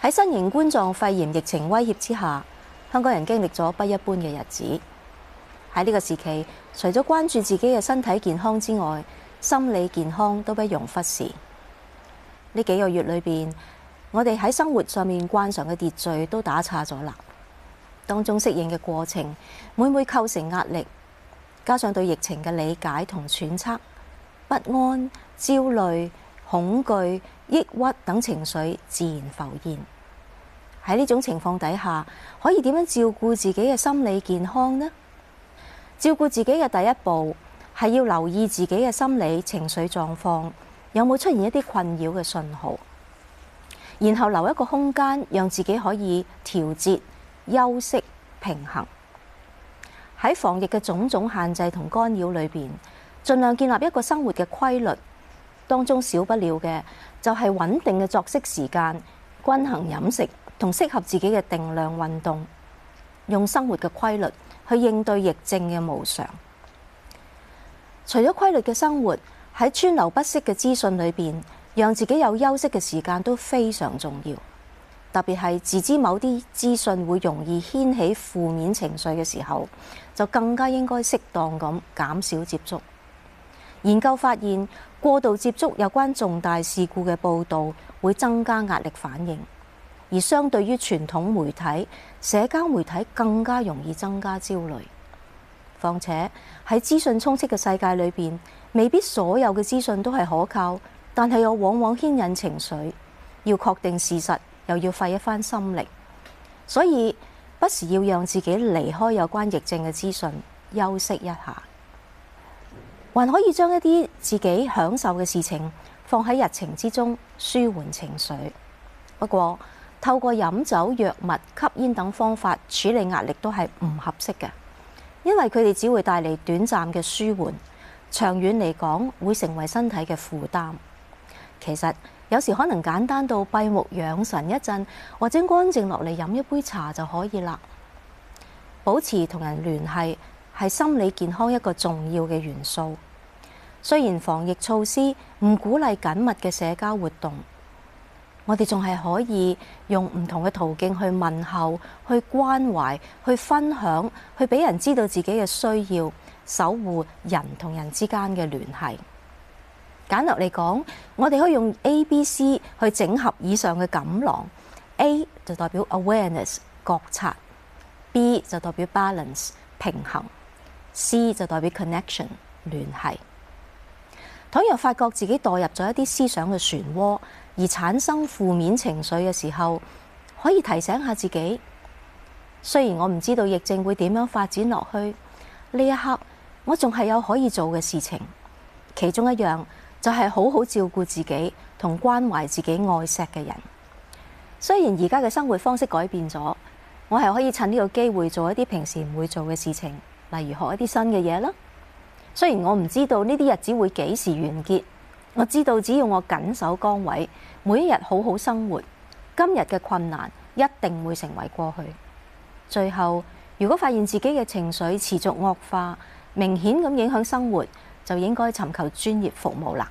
喺新型冠狀肺炎疫情威脅之下，香港人經歷咗不一般嘅日子。喺呢個時期，除咗關注自己嘅身體健康之外，心理健康都不容忽視。呢幾個月裏面，我哋喺生活上面慣常嘅秩序都打岔咗啦。當中適應嘅過程每每構成壓力，加上對疫情嘅理解同揣測，不安、焦慮、恐懼、抑鬱等情緒自然浮現。喺呢種情況底下，可以點樣照顧自己嘅心理健康呢？照顧自己嘅第一步係要留意自己嘅心理情緒狀況，有冇出現一啲困擾嘅信號，然後留一個空間，讓自己可以調節、休息、平衡。喺防疫嘅種種限制同干擾裏面，盡量建立一個生活嘅規律。當中少不了嘅就係穩定嘅作息時間、均衡飲食同適合自己嘅定量運動，用生活嘅規律去應對疫症嘅無常。除咗規律嘅生活，喺川流不息嘅資訊裏邊，讓自己有休息嘅時間都非常重要。特別係自知某啲資訊會容易掀起負面情緒嘅時候，就更加應該適當咁減少接觸。研究發現，過度接觸有關重大事故嘅報導，會增加壓力反應；而相對於傳統媒體，社交媒體更加容易增加焦慮。況且喺資訊充斥嘅世界裏面，未必所有嘅資訊都係可靠，但係又往往牽引情緒。要確定事實，又要費一番心力。所以不時要讓自己離開有關疫症嘅資訊，休息一下。還可以將一啲自己享受嘅事情放喺日程之中，舒緩情緒。不過透過飲酒、藥物、吸煙等方法處理壓力都係唔合適嘅，因為佢哋只會帶嚟短暫嘅舒緩，長遠嚟講會成為身體嘅負擔。其實有時可能簡單到閉目養神一陣，或者安靜落嚟飲一杯茶就可以啦。保持同人聯繫係心理健康一個重要嘅元素。雖然防疫措施唔鼓勵緊密嘅社交活動，我哋仲係可以用唔同嘅途徑去問候、去關懷、去分享、去俾人知道自己嘅需要，守護人同人之間嘅聯繫。簡略嚟講，我哋可以用 A、B、C 去整合以上嘅錦囊。A 就代表 awareness 覺察，B 就代表 balance 平衡。C 就代表 connection 聯繫。倘若發覺自己墮入咗一啲思想嘅漩渦而產生負面情緒嘅時候，可以提醒下自己。雖然我唔知道疫症會點樣發展落去，呢一刻我仲係有可以做嘅事情。其中一樣就係好好照顧自己同關懷自己愛錫嘅人。雖然而家嘅生活方式改變咗，我係可以趁呢個機會做一啲平時唔會做嘅事情。例如學一啲新嘅嘢啦，雖然我唔知道呢啲日子會幾時完結，我知道只要我緊守崗位，每一日好好生活，今日嘅困難一定會成為過去。最後，如果發現自己嘅情緒持續惡化，明顯咁影響生活，就應該尋求專業服務啦。